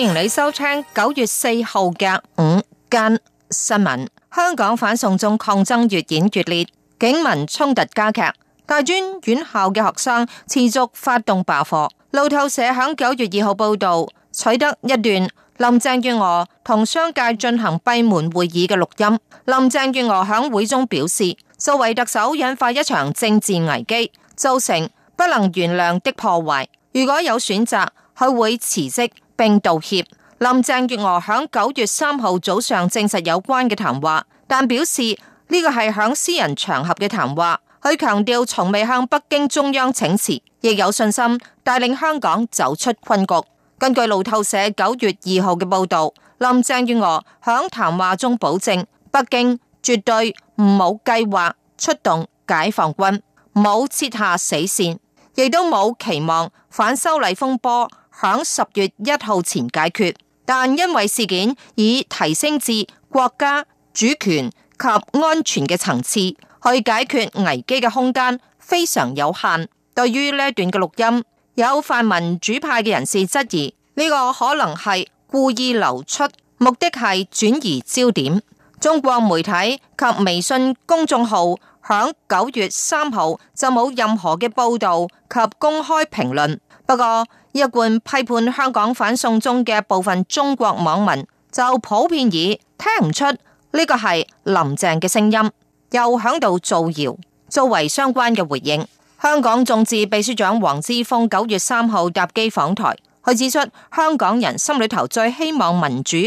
歡迎你收聽九月四號嘅午間新聞。香港反送中抗爭越演越烈，警民衝突加劇，大專院校嘅學生持續發動罷課。路透社喺九月二號報道，取得一段林鄭月娥同商界進行閉門會議嘅錄音。林鄭月娥響會中表示，作為特首引發一場政治危機，造成不能原諒的破壞。如果有選擇，佢會辭職。並道歉。林鄭月娥響九月三號早上證實有關嘅談話，但表示呢個係響私人場合嘅談話。佢強調從未向北京中央請辭，亦有信心帶領香港走出困局。根據路透社九月二號嘅報道，林鄭月娥響談話中保證，北京絕對唔冇計劃出動解放軍，冇設下死線，亦都冇期望反修例風波，響十月一號前解決，但因為事件已提升至國家主權及安全嘅層次，去解決危機嘅空間非常有限。對於呢段嘅錄音，有泛民主派嘅人士質疑，呢個可能係故意流出，目的係轉移焦點。中國媒體及微信公眾號。響九月三號就冇任何嘅報道及公開評論。不過一貫批判香港反送中嘅部分中國網民就普遍以聽唔出呢個係林鄭嘅聲音，又響度造謠。作為相關嘅回應，香港眾志秘書長黃之鋒九月三號搭機訪台，佢指出香港人心裏頭最希望民主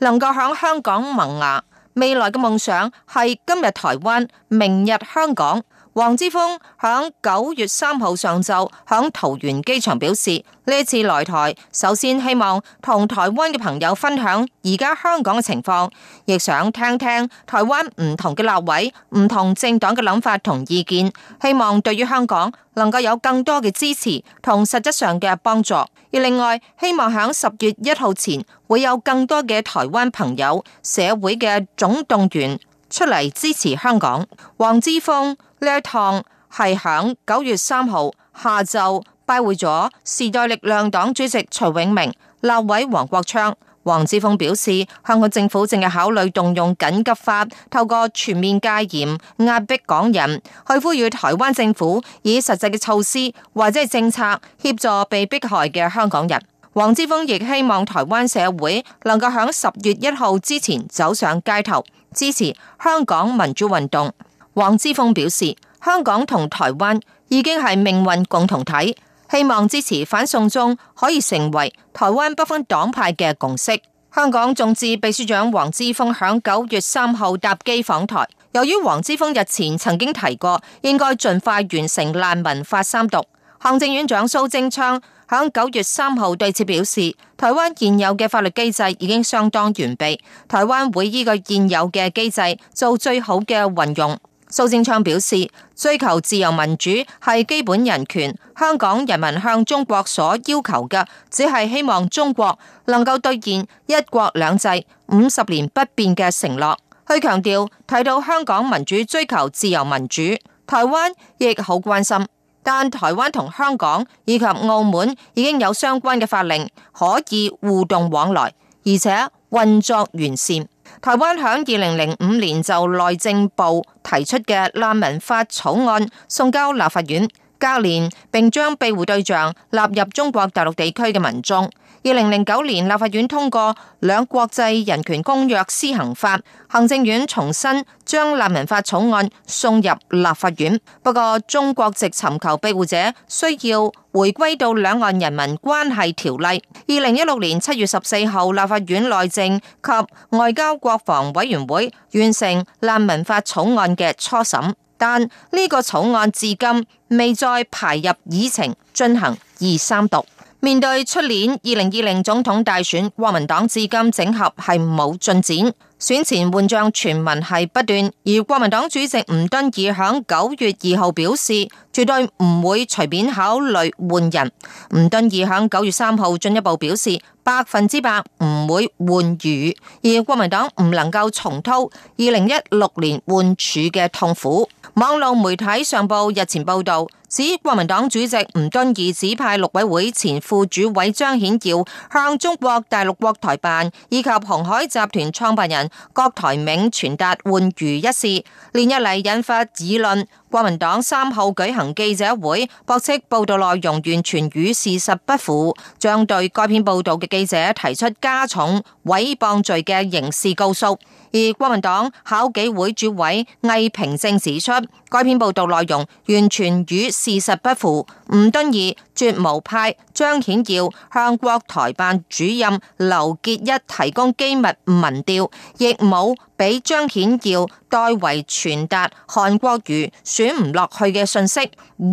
能夠響香港萌芽。未來嘅夢想係今日台灣，明日香港。黃之鋒響九月三號上晝響桃園機場表示，呢次來台首先希望同台灣嘅朋友分享而家香港嘅情況，亦想聽聽台灣唔同嘅立委、唔同政黨嘅諗法同意見，希望對於香港能夠有更多嘅支持同實質上嘅幫助。而另外希望響十月一號前會有更多嘅台灣朋友、社會嘅總動員。出嚟支持香港。黃之鋒呢一趟係響九月三號下晝拜會咗時代力量黨主席徐永明、立委黃國昌。黃之鋒表示，香港政府正係考慮動用緊急法，透過全面戒嚴壓迫港人，去呼籲台灣政府以實際嘅措施或者係政策協助被迫害嘅香港人。黃之鋒亦希望台灣社會能夠響十月一號之前走上街頭。支持香港民主運動，黃之鋒表示，香港同台灣已經係命運共同體，希望支持反送中可以成為台灣不分黨派嘅共識。香港眾志秘書長黃之鋒響九月三號搭機訪台，由於黃之鋒日前曾經提過應該盡快完成難民法三讀，行政院長蘇貞昌。喺九月三號對此表示，台灣現有嘅法律機制已經相當完備，台灣會依個現有嘅機制做最好嘅運用。蘇貞昌表示，追求自由民主係基本人權，香港人民向中國所要求嘅，只係希望中國能夠兌現一國兩制五十年不變嘅承諾。佢強調，睇到香港民主追求自由民主，台灣亦好關心。但台灣同香港以及澳門已經有相關嘅法令可以互動往來，而且運作完善。台灣響二零零五年就內政部提出嘅難民法草案送交立法院。交年並將庇護對象納入中國大陸地區嘅民眾。二零零九年，立法院通過《兩國際人權公約施行法》，行政院重新將難民法草案送入立法院。不過，中國籍尋求庇護者需要回歸到《兩岸人民關係條例》。二零一六年七月十四號，立法院內政及外交國防委員會完成難民法草案嘅初審。但呢個草案至今未再排入議程進行二三讀。面對出年二零二零總統大選，國民黨至今整合係冇進展，選前換將傳聞係不斷。而國民黨主席吳敦義響九月二號表示，絕對唔會隨便考慮換人。吳敦義響九月三號進一步表示，百分之百唔會換瑜，而國民黨唔能夠重蹈二零一六年換柱嘅痛苦。網絡媒體上報日前報道，指國民黨主席吳敦義指派陸委會前副主委張顯耀向中國大陸國台辦以及鴻海集團創辦人郭台銘傳達換瑜一事，連日嚟引發議論。國民黨三號舉行記者會，駁斥報道內容完全與事實不符，將對該篇報道嘅記者提出加重毀謗罪嘅刑事告訴。而國民黨考紀會主委魏平正指出，該篇報導內容完全與事實不符。吳敦義絕無派張顯耀向國台辦主任劉結一提供機密民調，亦冇俾張顯耀代為傳達韓國瑜選唔落去嘅信息，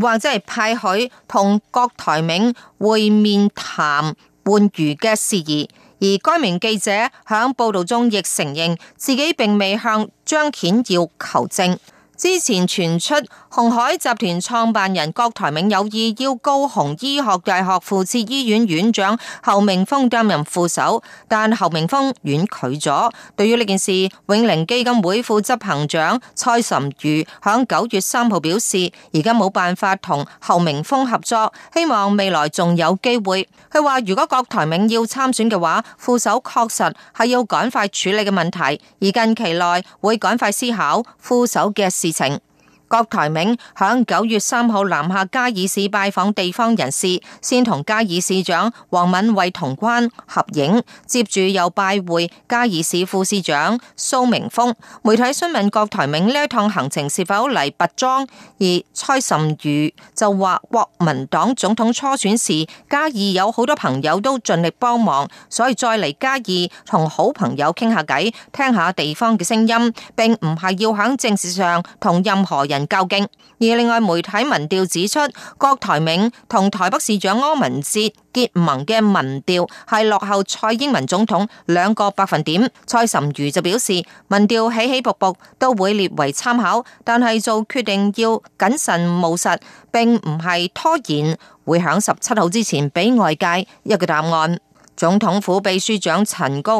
或者係派佢同郭台銘會面談換瑜嘅事宜。而該名記者喺報導中亦承認，自己並未向張顯耀求證。之前傳出鴻海集團創辦人郭台銘有意邀高雄醫學大學附設醫院院長侯明鋒擔任副手，但侯明鋒婉拒咗。對於呢件事，永寧基金會副執行長蔡沁瑜響九月三號表示，而家冇辦法同侯明鋒合作，希望未來仲有機會。佢話如果郭台銘要參選嘅話，副手確實係要趕快處理嘅問題，而近期內會趕快思考副手嘅事。事情。郭台銘響九月三號南下嘉義市拜訪地方人士，先同嘉義市長黃敏惠同關合影，接住又拜會嘉義市副市長蘇明峰。媒體詢問郭台銘呢一趟行程是否嚟拔樁？而蔡沁瑜就話國民黨總統初選時，嘉義有好多朋友都盡力幫忙，所以再嚟嘉義同好朋友傾下偈，聽下地方嘅聲音，並唔係要響政治上同任何人。究竟，而另外媒體民調指出，郭台銘同台北市長柯文哲結盟嘅民調係落後蔡英文總統兩個百分點。蔡沁瑜就表示，民調起起伏伏都會列為參考，但係做決定要謹慎務實，並唔係拖延，會響十七號之前俾外界一個答案。總統府秘書長陳菊。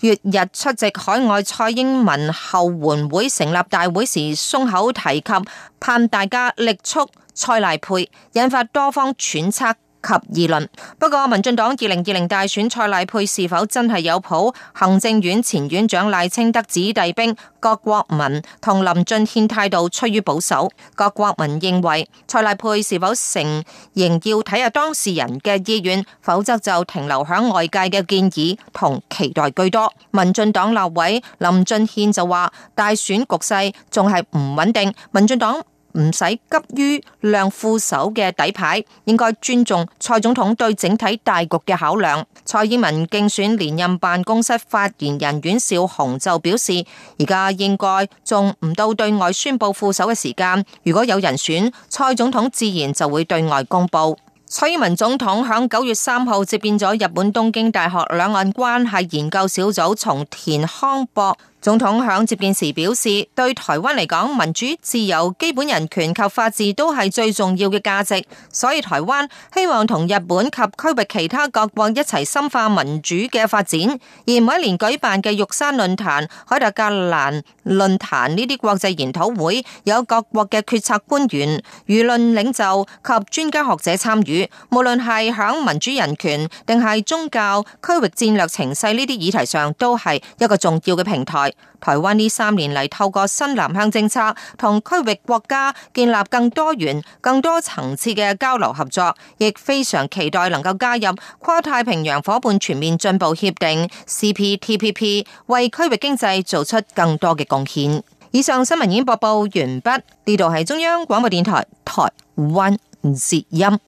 月日出席海外蔡英文後援會成立大會時，鬆口提及盼大家力促蔡賴配，引發多方揣測。及而論，不過民進黨二零二零大選蔡賴配是否真係有譜？行政院前院長賴清德子弟兵郭國文同林俊憲態度趨於保守，郭國文認為蔡賴配是否成形要睇下當事人嘅意願，否則就停留喺外界嘅建議同期待居多。民進黨立委林俊憲就話：大選局勢仲係唔穩定，民進黨，唔使急於亮副手嘅底牌，應該尊重蔡總統對整體大局嘅考量。蔡英文競選連任辦公室發言人阮昭雄就表示：而家應該仲唔到對外宣布副手嘅時間，如果有人選，蔡總統自然就會對外公布。蔡英文總統響九月三號接見咗日本東京大學兩岸關係研究小組從田康博。總統響接見時表示，對台灣嚟講，民主、自由、基本人權及法治都係最重要嘅價值。所以台灣希望同日本及區域其他各國一齊深化民主嘅發展。而每年舉辦嘅玉山論壇、凱達格蘭論壇呢啲國際研討會，有各國嘅決策官員、輿論領袖及專家學者參與。無論係響民主人權定係宗教、區域戰略情勢呢啲議題上，都係一個重要嘅平台。台灣呢三年嚟透過新南向政策同區域國家建立更多元、更多層次嘅交流合作，亦非常期待能夠加入跨太平洋伙伴全面進步協定 （CPTPP），為區域經濟做出更多嘅貢獻。以上新聞已經播報完畢，呢度係中央廣播電台台灣節音。